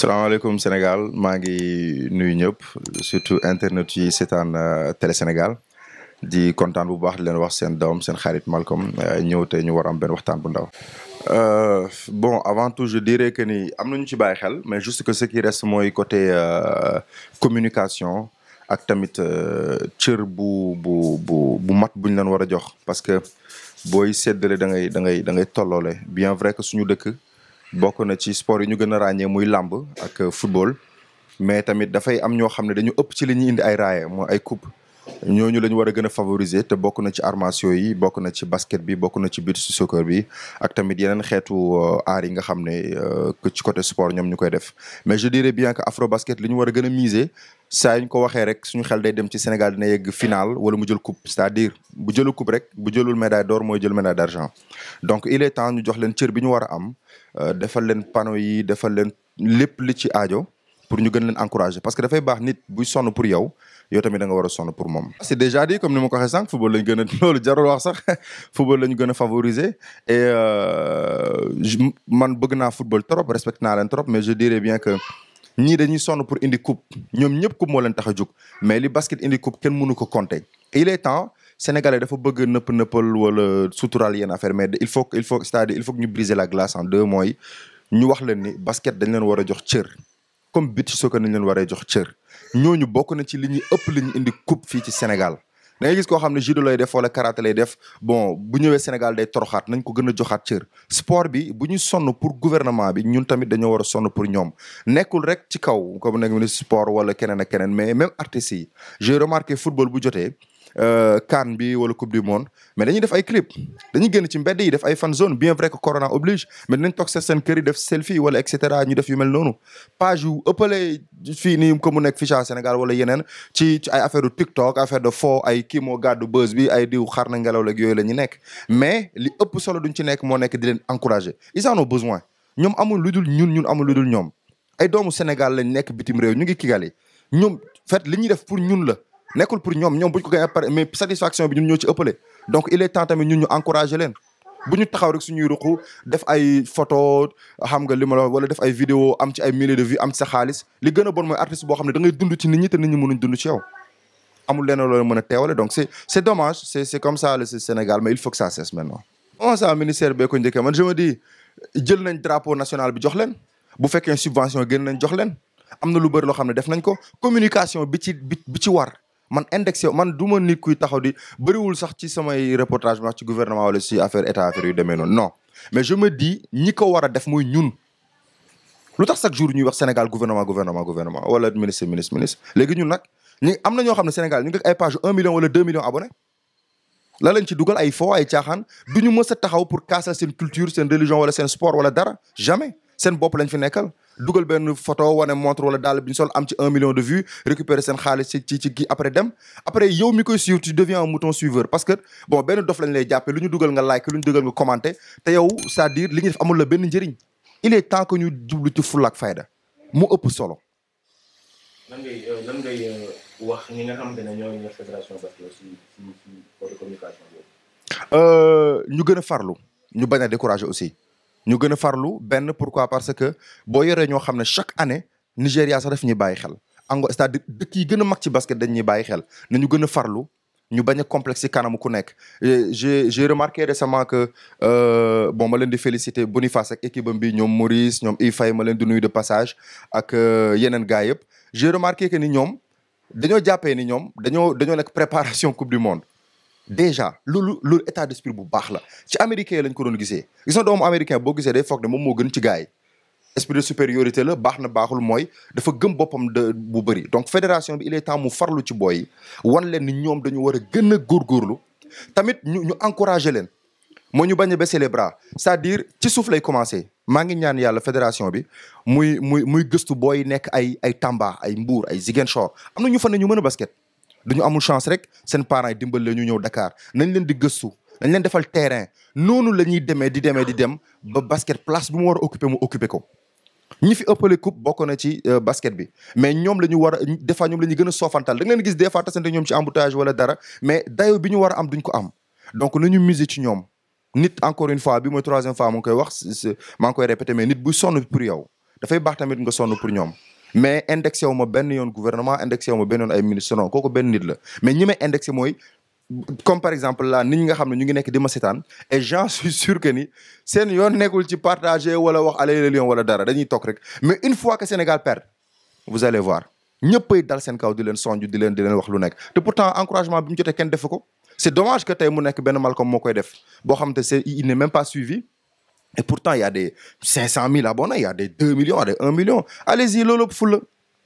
salaamaaleykum Sénégal maa ngi nuyu ñëpp surtout internet yi seetaan euh, Télé Sénégal di kontaan bu baax di leen wax seen doom seen xarit Malcolm euh, ñëw tey ñu war am benn waxtaan bu ndaw. Euh, bon avant tout je dirais que ni am nañu ci bàyyi xel mais juste que ce qui reste mooy côté communication ak tamit cër bu bu bu bu mat buñ leen war a jox parce que booy séddale da ngay da ngay da ngay tolloole bien vrai que suñu dëkk. bokk na ci sport yi ñu gën a ràññee muy làmb ak football mais tamit dafay am ñoo xam ne dañu ëpp ci li ñuy indi ay raaye mooy ay coupe ñooñu la ñu war a gën favoriser te bokk na ci arts yi bokk na ci basket bi bokk na ci beach soccer bi ak tamit yeneen xeetu euh, aar yi nga xam ne euh, ci côté sport ñoom ñu koy def mais je dirais bien que afro basket li ñu war a gën a miser saa yu ñu ko waxee rek suñu xel day dem ci Sénégal dina yegg final wala mu jël coupe c'est-à-dire bu jëlul coupe rek bu jëlul médaille d'or mooy jël médaille d'argent donc il est temps ñu jox leen cër bi ñu war a am euh, defal leen panneau yi defal leen lépp li ci aajo. pour ñu gën leen encourager parce que dafay baax nit buy sonn pour yow yow tamit da nga war a sonn pour moom. c'est déjà dit comme ni ma ko waxee sànq football lañ gën a loolu et euh, man bëgg naa football trop respecté naa leen trop mais je bien que. ñi dañuy sonn pour indi coupe ñoom ñëp coupe moo leen tax a jóg mais li basket indi coupe kenn mënu ko compter il est temps sénégalais dafa bëgg nëpp nëppal wala sutural yenn affaire mais il faut il faut cest il faut ñu briser la glace en deux mois yi leen ni basket dañ leen war a jox cër. comme beach soccer nañ leen waree jox cër ñooñu bokk na ci li ñuy ëpp li ñu indi coupe fii ci Sénégal da gis koo xam ne judo lay def wala karaté lay def bon bu ñëwee Sénégal day toroxaat nañ ko gën a joxaat cër sport bi bu ñu sonn pour gouvernement bi ñun tamit dañoo war a sonn pour ñoom nekkul rek ci kaw comme nekk ministre sport wala keneen ak keneen mais même artistes yi j'ai remarqué football bu jotee kaan euh, bi wala coupe du monde mais dañuy def ay clip dañuy génn ci mbedd yi def ay fan zone bien vrai que corona oblige mais dinañ toog seen kër yi def selfie wala et cetera ñu def yu mel noonu page yu ko mu nekk fii ca Sénégal wala yeneen ci ay affaire du TikTok affaire de fo ay kii moo gàddu buzz bi ay diw xar na ngelaw la yooyu la ñu nekk mais li ëpp solo duñ ci nekk moo nekk di leen encourager ils en ont besoin ñoom amul lu dul ñun ñun amul lu dul ñoom ay doomu Sénégal lañ nekk bitim réew ñu ngi Kigali ñoom fet li ñuy def pour ñun la nekkul pour ñoom ñoom bu ñu ko gagné pare mais satisfaction bi ñun ñoo ci ëppale donc il est temps tamit ñun ñu encouragé leen bu ñu taxaw rek suñuy ruqu def ay photo xam nga li ma la wala def ay vidéo am ci ay milliers de vues am ci sa xaalis li gën a bon mooy artiste boo xam ne da ngay ci nit ñi te nit ñi mënuñ dund ci yow amul leneen loolu mën a teewale donc c'est c'est dommage c'est c'est comme ça le Sénégal mais il faut que ça cesse maintenant on ça ministère bee nañ drapeau national bi jox leen bu fekkee subvention génn nañ jox leen am na lu bëri loo xam ne def nañ ko communication bi ci bi ci war man indexé man du ma nit kuy taxaw di bëriwul sax ci samay reportage bi ci gouvernement wala si affaire état affaire yu demee noonu non mais je me dis ñi ko war a def muy ñun lu tax chaque jour ñu wax Sénégal gouvernement gouvernement gouvernement wala ministre ministre ministre léegi ñun nag ñu am na ñoo xam ne Sénégal ñu ngi ay page un million wala deux millions abonnés la lañ ci dugal ay fo ay caaxaan du ñu mës a taxaw pour kaasal seen culture seen religion wala seen sport wala dara jamais seen bopp lañ fi nekkal dugal benn photo wane montre wala daal bi ñu sol am ci un million de vues récupérer seen xaalis ci ci ci gi après dem après yow mi koy suivre tu deviens que bon benn dof lañ lay jàppe lu ñu dugal nga like lu ñu dugal nga commenter te yow c'est-à-dire li ñu def amul benn njëriñ il est temps que ñu jublu ci fulla fayda mu ëpp solo. nan ngay nan euh, ngay euh, wax ñi nga euh, ñu gën a farlu ñu bañ a décourager aussi. ñu gën a farlu benn pourquoi parce que boo yoree ñoo xam ne chaque année Nigéria sax daf ñuy bàyyi xel ango c'est-à-dire dëkk yi gën a mag ci basket dañ ñuy bàyyi xel nañu gën a farlu ñu bañ a complexe kanamu ku nekk j'ai j'ai remarqué récemment que euh, ma leen di félicité Boniface ak équipe am bi ñoom Maurice ñoom Ifay ma leen di nuyu de passage ak euh, yeneen gars yëpp j'ai remarqué que ni ñoom dañoo jàppee ni ñoom dañoo dañoo nekk préparation coupe du monde déjà lu loolu état d'esprit bu baax la ci américain yi lañ ko doon gisee gis nga doomu américain boo gisee day foog ne moom moo gën ci gaay yi esprit de supériorité la baax na baaxul mooy dafa gëm boppam bu bëri donc fédération bi il est temps mu farlu ci boy wan leen ñoom dañu war a gën a góorgóorlu tamit ñu ñu encouragé leen moo ñu bañ a baisser les bras cest dire ci suuf lay commencé maa ngi ñaan yàlla fédération bi muy muy muy gëstu booy nekk ay ay Tamba ay Mbour ay Ziguinchor am na ñu fa ne ñu mën a basket. ñu amul chance rek seen parent yi dimbal la ñu ñëw dakaar nañ leen di gëstu nañ leen defal terrain noonu la ñuy demee di demee di dem ba basket place bi mu war a occuper mu occuper ko. ñi fi ëppale coupe bokk na ci euh, basket bi mais ñoom la ñu war a des fois ñoom la ñuy a soofantal da nga leen gis des fois tasante ñoom ci embouteillage wala dara mais dayo bi ñu war am duñ ko am donc nañu miser ci ñoom. nit encore une fois bi mooy troisième fois mu ngi koy wax maa ngi koy répété mais nit bu sonn pour yow dafay baax tamit nga sonn pour ñoom. mais indexé wu ma benn yoon gouvernement indexé wu ma benn yoon ay ministre non kooku benn nit la mais ñi may indexé mooy comme par exemple là nit ñi nga xam ne ñu ngi nekk di ma seetaan et j'en suis sûr que seen yoon nekkul ci partager wala wax aller le lion wala dara dañuy toog rek mais une fois que Sénégal perd vous allez voir ñëppay dal seen kaw di leen sonju di leen di leen wax lu nekk te pourtant encouragement bi mu jotee kenn defu ko c'est dommage que tey mu nekk benn Malcom moo koy xam te c'est il n'est même e pourtant, il y a des 500 000 abonnés, il y a des 2 millions, il y fula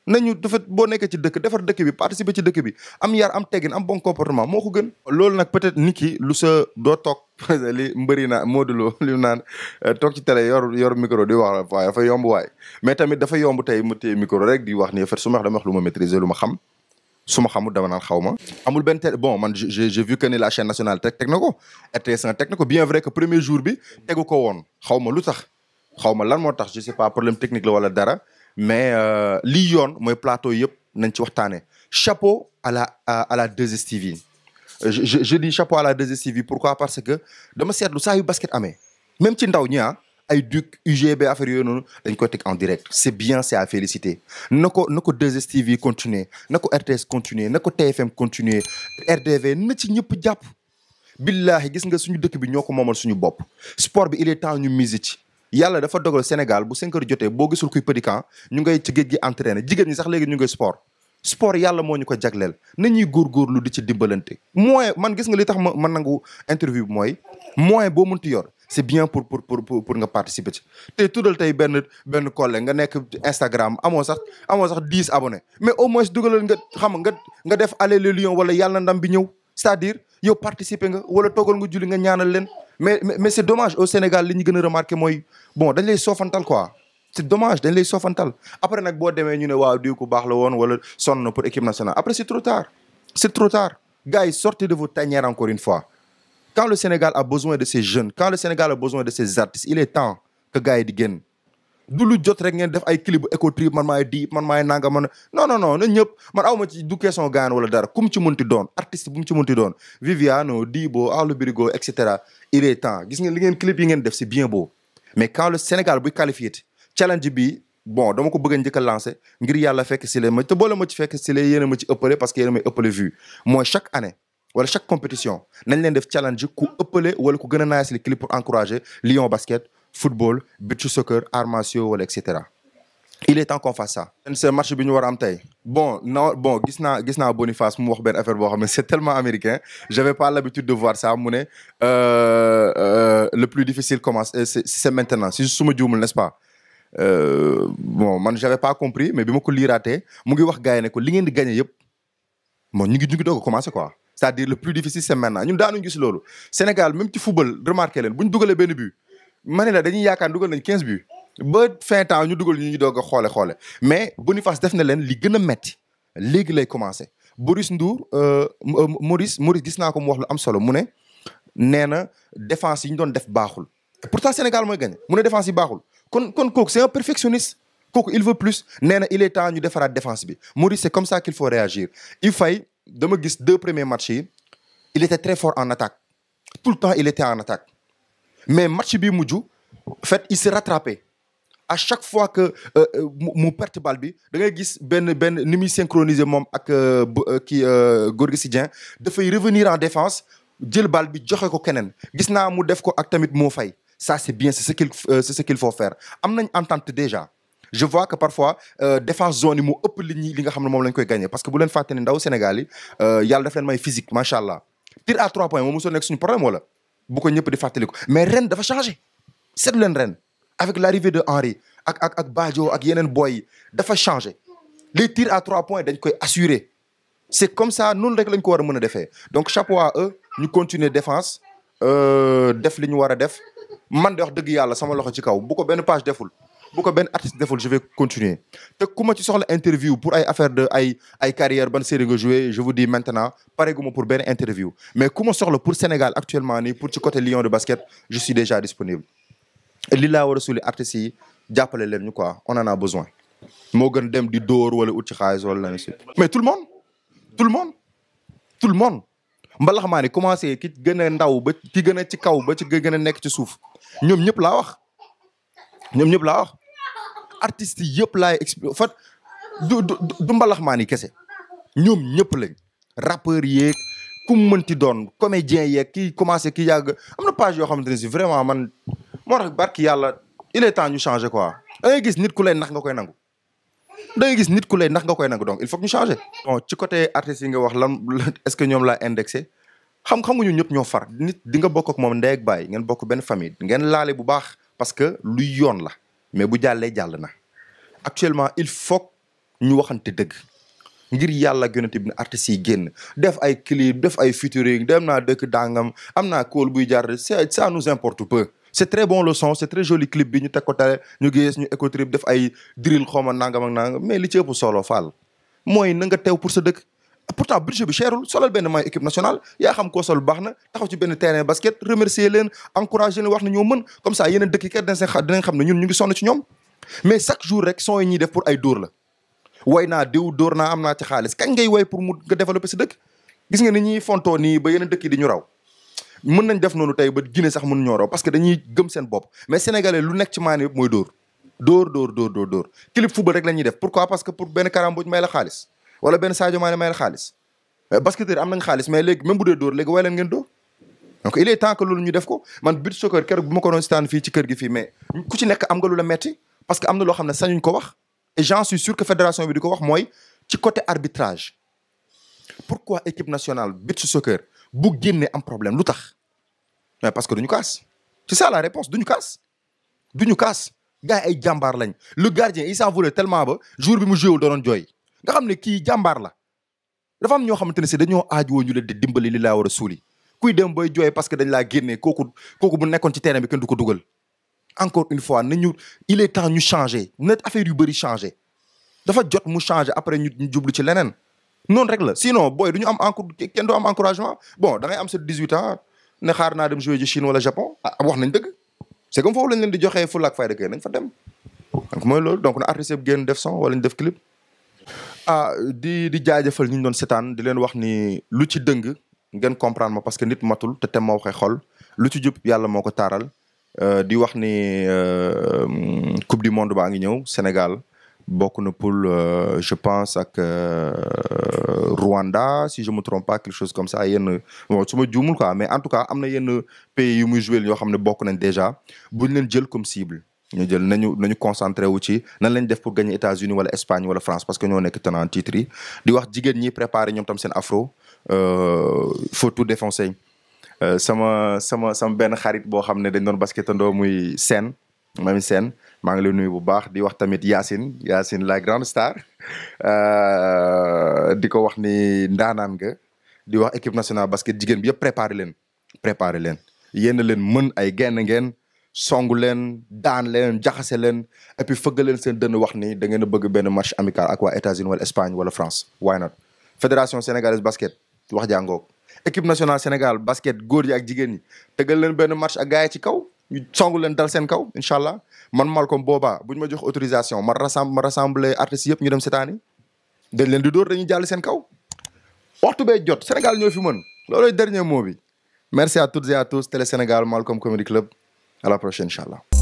nañu dafa nekkee ci dëkk defar dëkk bi participer ci dëkk bi am yar am teggin am bon comportement moo ko gën. loolu nag peut-être lu sa doo toog li mbëri naa Modou Lo li naan eh, toog ci télé yor yor micro di wax waaye dafa yomb waay mais tamit dafa yomb tey mu téye micro rek di wax ni en fait su ma wax dama lu ma maîtriser lu ma xam. suma xamul dama naan xaw ma amul benn télé bon man j'ai j'ai vu que ni la chaîne nationale teg teg ko rts teg na ko bien vrai que premier jour bi tegu ko woon xaw lu tax xaw ma lan moo tax je sais pas problème technique la wala dara mais euh, lii yoon mooy plateau yëpp nañ ci waxtaanee chapeau à la à la 2STV euh, je je dis chapeau à la 2STV pourquoi parce que dama seetlu saa yu basket amee même ci ndaw ñi ah ay duc UGB affaire yooyu noonu dañ koy teg en direct c' bien c' est à féliciter na ko na ko 2STV continuer na ko RTS continuer na ko TFM continuer RDV na ci ñëpp jàpp billahi gis nga suñu dëkk bi ñoo ko moomal suñu bopp sport bi il est temps ñu mise ci yàlla dafa dogal Sénégal bu cinq jotee boo gisul kuy pédican ñu ngay ci géej gi entraîné jigéen ñi sax léegi ñu ngay sport sport yàlla moo ñu ko jagleel nañuy góorgóorlu di ci dimbalante moyen man gis nga li tax ma ma nangu interview mooy moyen boo mënti yor c' est bien pour pour pour pour nga participer ci te tuddal tey benn benn collègue nga nekk Instagram amoo sax amoo sax dix abonnés mais au moins dugalal nga xam nga nga def aller le lion wala yàlla ndam bi ñëw c'est-à-dire yow participer nga wala toogal nga julli nga ñaanal leen mais mais c' est dommage au Sénégal li ñu gën a remarqué mooy bon dañ lay soofantal quoi c' est dommage dañ lay soofantal après nag boo demee ñu ne waaw diw ku baax la woon wala sonn pour équipe nationale après c' est trop tard c' fois quand le Sénégal a besoin de ses jeunes quand le Sénégal a besoin de ses artistes il est temps que gars yi di génn du lu jot rek ngeen def ay clip bu écotrip man maay di man maay nanga man non non non na ñëpp man aw ma ci du question gaan wala dara ku mu ci mënti doon artiste bu mu ci mënti doon Viviano Dibo Arlou Birigo et cetera il est temps gis ngeen li ngeen clip yi ngeen def c'est bien beau mais quand le Sénégal buy qualifié challenge bi bon dama ko bëgg a njëkk a lancé ngir yàlla fekk si leen ma te boole ma ci fekk si leen yéen a ma ci ëppale parce que yéen a may ëppale vue mooy chaque année wala chaque compétition nañ leen def challenge ku ëppale wala ku gën a naaj li clip pour encourager Lyon basket football beach soccer arts martiaux wala et cetera. il est temps qu'on fasse ça. seen match bi ñu war a am tey bon non bon gis naa gis naa Boniface mu wax benn affaire boo xam ne c'est tellement américain j'avais pas l'habitude de voir ça mu ne euh, euh, le plus difficile commence euh, c'est maintenant si su ma juumul n'est-ce pas. man j'avais pas compris mais bi ma ko liiraatee mu ngi wax gars yi ko li ngeen di gagner yëpp bon ñu ngi ñu ngi quoi. c'est-à-dire le plus difficile c'est maintenant ñun daanuñu gis loolu Sénégal même ci football remarqué leen bu ñu dugalee benn but ma ne la dañuy yaakaar dugal nañ quinze buts ba fin temps ñu dugal ñu ñu doog a xoole xoole mais Boniface def na leen li gën a metti léegi lay commencé Boris Ndour euh, Maurice Maurice gis naa ko mu wax lu am solo mu ne nee na défense yi ñu doon def baaxul pour pourtant Sénégal mooy gagné mu ne défense yi baaxul kon kon kooku c'est un kooku il veut plus nee na il temps ñu defaraat défense bi Maurice comme ça qu'il faut fay dama gis deux premiers matchs yi il était très fort en attaque tout le temps il était en attaque mais match bi mu en fait il s'est rattrapé à chaque fois que euh, euh, mu perte balle bi da ngay gis benn benn ni muy synchronisé moom ak euh, kii Gorgui Sy Dieng dafay revenir en défense jël balle bi joxe ko keneen gis naa mu def ko ak tamit moo fay ça c'est bien c'est ce qu'il c'est faut faire am nañ entente déjà je vois que parfois euh, défense zone yi mu ëpp li ñuy li nga xam ne moom la ñu koy gagné parce que bu leen fàtte ne ndaw Sénégal yi euh, yàlla daf leen may physique macha allah tir à trois points moom mosoo nekk suñu problème wala bu ko ñëpp di mais ren dafa changé seetlu leen ren avec l'arrivée de Henry ak ak ak Badio ak yeneen boy dafa changé les tirs à trois points dañ koy assurer c'est comme ça noonu rek lañ ko war a mën a defee donc chapeau à eux ñu continuer défense euh, def li ñu war a def man de wax dëgg yàlla sama loxo ci kaw bu ko benn page deful bu ko benn artiste deful je vais continuer te kuma ma ci soxla interview pour ay affaire de ay ay carrière ban série nga joué je vous dis maintenant pareguma pour benn interview mais ku ma soxla pour Sénégal actuellement ni pour ci côté Lion de basket je suis déjà disponible li laa war a suuli artistes jàppale leen ñu quoi on en a besoin moo gën dem di dóor wala ut ci xaalis wala la mais tout le monde tout le tout le monde mbalax maa ni commencé ki gën a ndaw ba ki gën a ci kaw ba ci gën a nekk ci suuf ñoom ñëpp laa wax ñoom ñëpp laa wax artistes yëpp laay expliqué fa du du du mbalax maa ni kese ñoom ñëpp lañ rappeur yeeg ku mu mënti doon comédien yeeg kii commencé kii yàgg am na page yoo xamante ne si vraiment man moo tax barki yàlla il est ñu changer ko a ngay gis nit ku lay nax nga koy nangu da ngay gis nit ku lay nax nga koy nangu donc il faut ñu changer. bon ci côté artistes yi nga wax lan est-ce que ñoom laa indexé xam xam nga ñun ñëpp ñoo far nit di nga bokk moom ndey ak baay ngeen bokk benn famille ngeen laale bu baax parce que lu yoon la. mais bu jàllee jàll na actuellement il faut ñu waxante dëgg ngir yàlla gënati bi artistes yi génn def ay clip def ay featuring dem naa dëkk dangam am naa kóol buy jaar c'est ça nous importe peu. c'est très bon le son c'est très joli clip bi ñu teg ko tale ñu gis ñu écotrip def ay drill xawma nangam a nangam mais li ci ëpp solo Fall mooy na nga teew pour sa dëkk. pourtant budget bi cherul solal benn maillot équipe nationale yaa xam koo sol baax na taxaw ci benn terrain basket remercier leen encourager leen wax na ñoo mën comme ça yeneen dëkk yi kat dinañ xam ne ñu ngi sonn ci ñoom mais chaque jour rek son yi ñuy def pour ay dóor la way naa diw dóor naa am na ci xaalis kañ ngay way pour mu nga développer sa dëkk gis nga ni ñuy fontoo nii ba yeneen dëkk yi di ñu raw mën nañ def noonu tey ba Guinée sax mën ñoo parce que dañuy gëm seen bopp mais sénégalais lu nekk ci maane yëpp mooy dóor dóor dóor dóor dóor dóor clip football rek wala benn Sadio Mané may la xaalis euh, basketteur am nañ xaalis mais léegi même bu dee dóor léegi way leen ngeen dóor donc il est temps que loolu ñu def ko man but soccer keroog bu ma ko doon sitaan fii ci kër gi fi mais ku ci nekk am nga lu la metti parce que am na loo xam ne sañuñ ko wax et j'en suis sûr que fédération bi di ko wax mooy ci côté arbitrage pourquoi équipe nationale but soccer bu génnee am problème lu tax mais parce que duñu kaas c'est ça la réponse duñu kaas duñu kaas gars ay jàmbaar lañ le gardien il s'en tellement ba jour bi mu joué wul jooy nga xam ne kii jàmbaar la dafa am ñoo xamante ne si dañoo aajowoo ñu leen di dimbali li laa war a suuli kuy dem booy jooy parce que dañ laa génnee kooku kooku bu nekkoon ci terrain bi kenn du ko dugal encore une fois nañu il est temps ñu changer net affaire yu bëri changer dafa jot mu changer après ñu jublu ci leneen noonu rek la sinon booy du ñu am encore kenn du am encouragement bon da ngay ne xaar naa dem jouer ji Chine wala Japon ah wax nañ dëgg c'est comme foofu lañ leen di joxee fulla ak fayda kay nañ fa dem mooy loolu donc na artiste def son wala ñu def clip ah di di jaajëfal ñi ñu doon seetaan di leen wax ni lu ci dëng ngeen comprendre ma parce que nit matul te te ma waxee xol lu ci jub yàlla moo ko taaral euh, di wax ni euh, coupe du monde baa ngi ñëw Sénégal bokk na poule euh, je pense ak Rwanda si je me trompe pas quelque chose comme ça yenn bon su ma juumul mais en tout cas am na yenn pays yu muy joué yoo xam ne bokk nañ déjà buñ leen jël comme cible. ñu jël nañu nañu concentré wu ci nan lañ def pour gagner États-Unis wala Espagne wala France parce que ñoo nekk tenant titre yi di wax jigéen ñi préparer ñoom tam seen afro euh, faut tout défoncer euh, sama sama sama benn xarit boo xam ne dañ doon basketandoo muy seen Mamy Sène maa ngi lay nuyu bu baax di wax tamit Yacine Yacine la grande star euh, di ko wax ni ndaanaan nga di wax équipe nationale basket jigéen bi yëpp préparer leen préparer leen yéen leen mën ay genn ngeen songu leen daan leen jaxase leen et puis fëgg leen seen dënn wax ni da ngeen a bëgg benn match amical ak waa États-Unis wala Espagne wala France why not fédération sénégalaise basket wax jàngoog équipe nationale Sénégal basket góor yi ak jigéen ñi tëggal leen benn match a gars yi ci kaw ñu songu leen dal seen kaw incha allah man Malcom boobaa bu ñu ma jox autorisation ma rassemble ma rassemble artistes yëpp ñu dem seetaani dañ leen di dóor dañuy jàll seen kaw waxtu bee jot Sénégal ñoo fi mën loolooy dernier mot bi merci à toutes et à tous Sénégal Malcom Comedy À la prochaine, Inch'Allah.